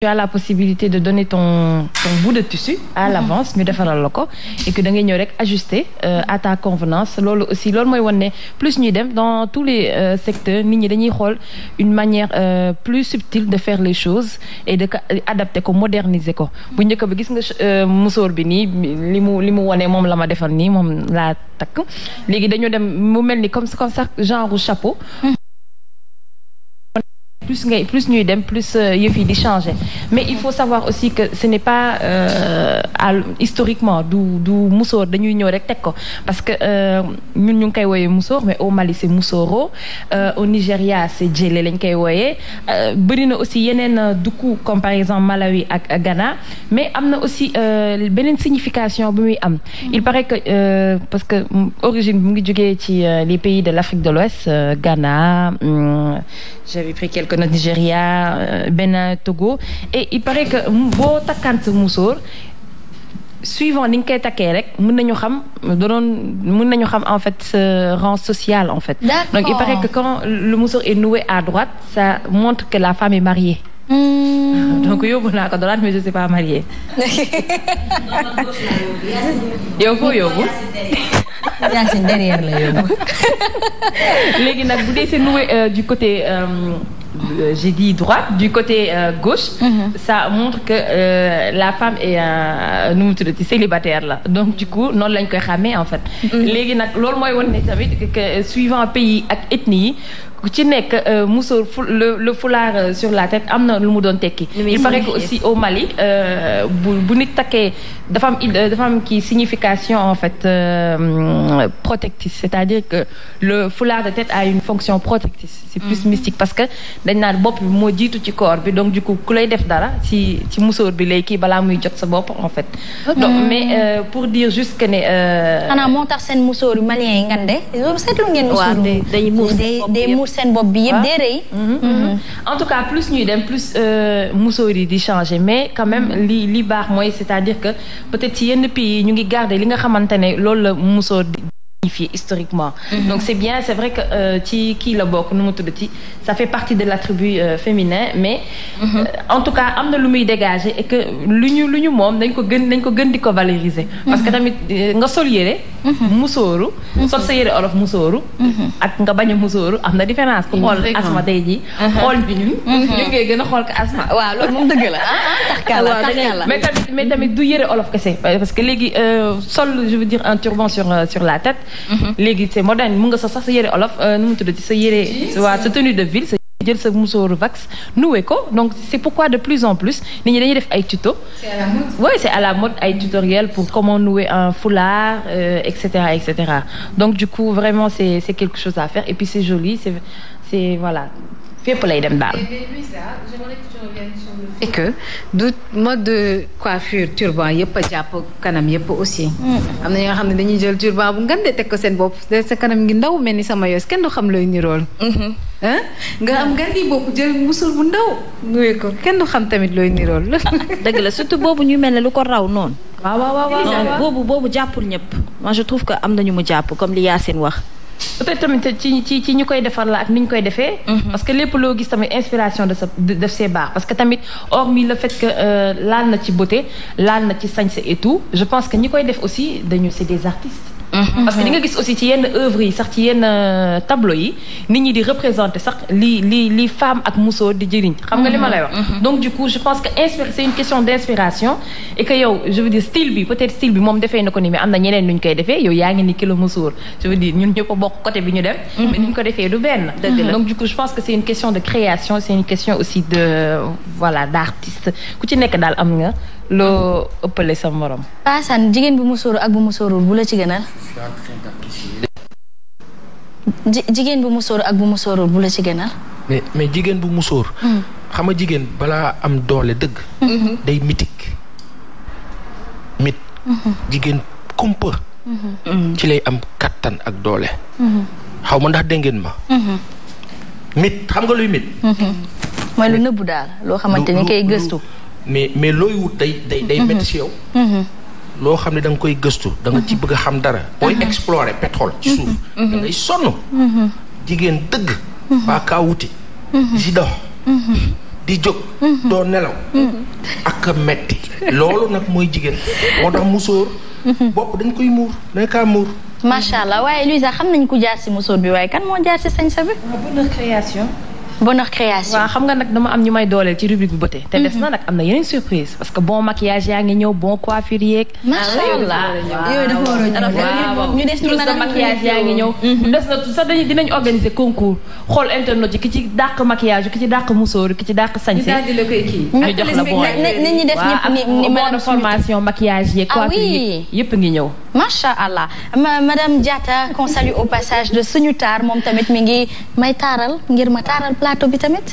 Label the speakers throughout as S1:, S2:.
S1: tu as la possibilité de donner ton ton bout de tissu à mhm. l'avance ñu defaral la ko et que da ngay ñëw rek ajuster euh, à ta convenance loolu aussi loolu mooy wane ne plus ñuy dem dans tous les euh, secteurs nit ñi dañuy xool une manière euh, plus subtile de fair les choses et de adapter ko moderniser ko bu njëkk bi gis nga musóor bi nii li mu li mu wane moom la ma defal nii moom laa takk léegi dañoo dem mu mel ni comme comme ça genre chapeau mhm. plus ngay plus ñuy dem plus euh, yëf yi di changer mais il faut savoir aussi que ce n'est pas euh, à historiquement du du musóor dañuy ñëw rek teg ko parce que euh, ñun ñu ngi koy wooyee musóor mais au Mali c'est musoro au Nigéria se jële lañ koy wooyee bëri na aussi yeneen dukku comme par exemple Malawi ak Ghana mais am na aussi beneen signification bi muy am il paraît que parce que origine bi mu ngi jógee ci les pays de l'Afrique de l'Ouest Ghana hmm, j'avais pris quelques notes Nigéria euh, Bénin Togo et il paraît que boo takkant musóor suivant ni nga koy takkee rek mën nañu xam doon mën nañu xam en fait ce rang social en fait. donc il paraît que quand le musoor est noué à droite ça montre que la femme est mariée. Mmh. donc yóbbu naa ko
S2: derrière la yóbbu.
S1: léegi nag bu dee euh, du côté. Euh, Euh, j'ai dit droite du côté euh, gauche. Mhm. ça montre que euh, la femme est nu mu tuddati célibataire la donc du coup noonu lañ koy xàmmee en fait. Mhm. léegi nag loolu mooy wane ne tamit que suivant pays ak ethnie yi. ku ci nekk euh, musóor fu le le foulard euh, sur la tête am na lu mu doon tekki. il paraît que aussi au Mali euh, bu bu nit takkee dafaam am dafa kii signification en fait protectrice c'est-à-dire que le foulard de tête a une fonction protectrice. c'est plus mm-hmm. mystique parce que dañ naan bopp moo jiitu ci corps bi donc du coup ku lay def dara ci ci musóor bi lay kii balaa muy jot sa bopp en fait. donc mais pour dire juste que ne. xanaa
S2: moo tax seen musóor yu malien yi ngande loolu seetlu ngeen. musóor seen bopp bi yëpp ah. dee mhm. Mhm. Mhm.
S1: en tout cas plus ñuy dem plus euh, musóor yi di changer mais quand même li li baax mooy c'est-à-dire que peut-être ci yenn pays yi ñu ngi garder li nga xamante ne loolu la musóor di identifié historiquement. Mhm. donc c'est bien c'est vrai que euh, ci kii la bokk nu mu tuddati ça fait partie de l'attribut euh, féminin mais. Mhm. Euh, en tout cas am na lu muy dégager et que lu ñu lu ñu moom dañ ko gën dañ ko gën di ko valoriser. Mhm. parce que tamit nga sol yére. musóoru. sol sa yére olof musóoru. ak nga bañ a musóoru am na différence. ku xool asma tey jii. xool bi ñun. ñu ngi gën a xool ko asma. waaw loolu moom dëgg la
S2: ah, ah mais tamit
S1: mais tamit du yére olof kese parce que léegi sol je veux dire Mm-hmm. léegi c'est moderne mun nga sa sax sa yére olof euh, nu mu tuddati sa yére waa sa tenue de ville sa jël sa musóoru vax noué ko donc c'est pourquoi de plus en plus nit ñi dañuy def ay tuto oui c'est à la mode ay tutoriel pour comment nouer un foulard euh, et cetera et cetera donc du coup vraiment c'est c'est quelque chose à faire et puis c'est joli c'est voilà fépp lay dem daal. Ah, et que du mode de coiffure turban yëpp a jàpp kanam yëpp aussi. Hmm. am na ñoo xam ne dañuy jël turban bu ngande teg ko seen bopp sa kanam ngi ndaw mel ni sama yos kenn du xam looy nirool. ah nga am gar yi bopp jël
S2: musul bu ndaw. nuyu ko kenn du xam tamit looy
S1: nirool. Ah, dëgg la surtout boobu ñu mel ne lu ko raw noonu. waaw waaw waaw boobu boobu jàppul ñëpp. moi je trouve
S2: que am na ñu mu jàpp comme li Yacine wax.
S1: peut-être tamit ci ci ci ñu koy defar la ak ni ñu koy defee. Mhm. parce que lépp loo gis tamit inspiration de sa def see baax parce que tamit mi le fait que euh, laal na ci beauté laal na ci sañse et tout je pense que ñi koy def aussi dañu c'est des artistes. Mm-hmm. parce que di nga gis aussi ci yenn œuvre yi sax ci yenn euh, tableau yi nit ñi di représenter sax li li li femme ak muso di jëriñ. xam nga li ma la wax. Mm-hmm. donc du coup je pense que inspire c'est une question d'inspiration et bi moom defee na ko ni mais am na ñeneen nu ñu koy defee yow yaa ngi ni kilo musoor je veux dire ñun ñëpp a bokk côté bi ñu dem. Mm-hmm. mais ni ñu ko defee du benn. donc du coup je pense que c'est une question de création c'est une question aussi de voilà d'artiste ku ci nekk daal am nga loo ëppale sa morom.
S2: Paa Sane jigéen bu musoor ak bu bu la ci gënal. jigéen bu musóor ak bu musóorul bu la ci gënal. mais mais jigéen bu musóor. Hmm. xam nga jigéen balaa am doole dëgg. Hmm. day mitik mit. Hmm. jigéen kumpa. ci lay am kattan ak doole. xaw ma ndax dégg ma. mit xam nga luy mit. mooy lu nëbbu daal loo xamante ni kay gëstu. mais looy wut day day day métti si loo xam ne danga koy gëstu. da ci bëgg a xam dara. mooy mhm. explorer pétrole ci suuf. Mhm. da sonn. Mhm. jigéen dëgg. waa kaa wuti. di dox. di jóg. doo nelaw. ak metti loolu nag mooy jigéen moo tax musóor. bopp dañ koy muur dañ kaa muur. macha allah waaye Luisa xam nañ ku jaar si musóor bi waaye kan moo jaar si sañ sa bi. création.
S1: bonheur création waaw xam nga nag dama am ñu may dooleel ci rubrique bu beauté. te des mhm. na nag am na yeneen surprise parce que bon maquillage yaa ngi ñëw bon coiffure yeeg. macha allah ñu des ñu mën a yaa ngi ñëw. Mhm. des na sax dañuy dinañ organiser concours xool internet yi ki ci dàq maquillage ki ci dàq musóor ki ci dàq sañse. ñu jox la bon ñu def ñëpp ni ni
S2: formation maquillage yeeg ah yëpp ngi ñëw. macha allah madame Diatta qu'on salue au passage de suñu taar moom tamit mi ngi may taaral ngir ma taaral plateau bi tamit.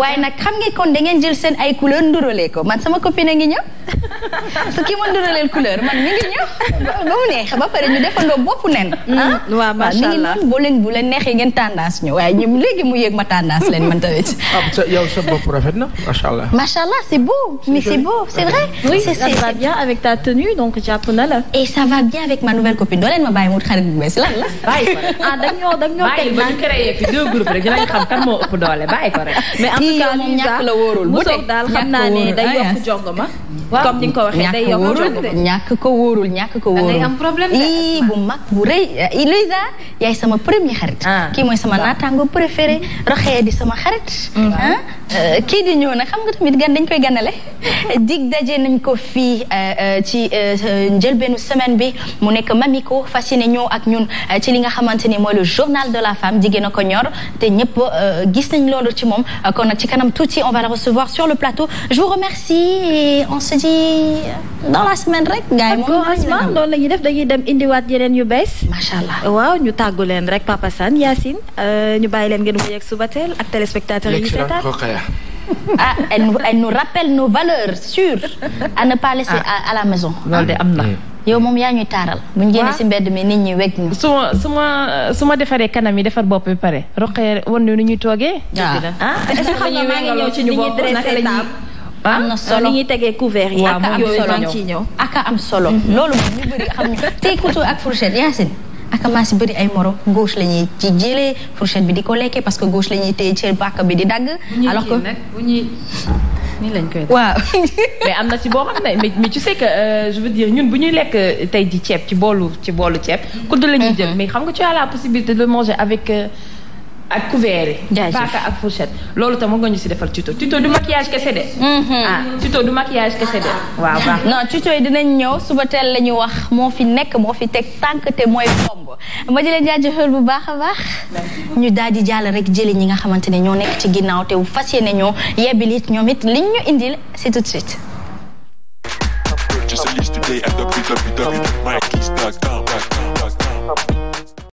S2: waaye nag xam nga kon da ngeen jël seen ay couleur ndurale ko man sama copine a ngi ñëw su ki ma nduraleel couleur man mi ngi ñëw ba mu neex ba pare ñu defandoo bopp nen. Mm, ah? waaw macha allah boo leen bu leen neexee ngeen tendance ñu waaye ñoom léegi mu yéeg ma tendance leen man tamit. Ah, yow sa bopp rafet na macha allah. macha allah c'est beau mais c'est beau c'est vrai. ta tenue donc jàpp na la. bien avec ma nouvelle copine doo leen ma bàyyi mu wut xarit bu bees lan la. bàyyi ko rek ah dañoo dañoo teg ba ñu
S1: doole bàyyi ko rek. mais en tout cas moom ñàkk la wóorul bu teg ñàkk daal xam naa ne day yokk ah, jongoma.
S2: comme ni nga ko waxee day yokk ñàkk ko wóorul ñàkk ko wóorul. am problème bu mag bu rëy Lisa yaay sama premier xarit. Ah. kii mooy sama naataango préféré roxee di sama xarit. Mm. Ah. Euh, kii di ñëw nag xam nga tamit gan dañ koy ganale dig daje nañ ko fii euh, euh, ci njëlbeenu semaine bi mu nekk Mamiko fasciné ñëw ak ñun ci li nga xamante ni mooy le journal de la femme jigéen a ko ñor te ñëpp gis nañ loolu ci moom kon nag ci kanam tuuti on va la recevoir sur le plateau je vous remercie et ci dans la semaine rek. gars yi moom loolu la ñuy def dañuy dem indiwaat yeneen yu bees. macha allah waaw ñu tàggu leen rek Papa Sane Yacine euh, ñu bàyyi leen ngeen wéy ak suba teel ak téléspectateur yi ñu seetaan nu ah, elle nous elle nous rappelle nos valeurs sûres à ne pas ah. à, la maison. loolu ah, de am na. Hmm. yow moom yaa ñuy taaral. mu
S1: ñu si mbedd mi nit ñi wegg ñu. su ma su ma su ma defaree kanam yi defar bopp bi pare roqee woon na ñuy toogee. ah te est-ce am na
S2: solo mhm. loolu moom ñu bëri xam nga tey couteau ak fourchette Yacine. akamaa si bëri ay moro gauche la ñuy ci jëlee fourchette bi di ko lekkee parce que gauche la tey téye ci bàkk bi di dagg. alors que bu ñuy nii lañ waaw
S1: mais am na ci boo xam ne mais tu sais euh, bu ñuy lekk euh, tey di ceeb ci boolu ci boolu ceeb. Mhm. kudd la ñuy mhm. jël mais xam nga tu la possibilité de manger avec. Euh,
S2: ak couvert yi. jaajëf paaka ak
S1: fourchette loolu tam mën nga ñu si defal tuto tuto du maquillage kese de. Mhm.
S2: Ah, tuto du maquillage kese de. waaw baax non tuto yi dinañ ñëw suba teel la ñu wax moo fi nekk moo fi teg tànk te mooy bomb ma jëlee jaajëfal bu baax a baax. ñu daal di jàll rek jëli ñi nga xamante ne ñoo nekk ci ginnaaw te fas yéene ñoo yebbil it ñoom it liñ ñu indil c'est tout de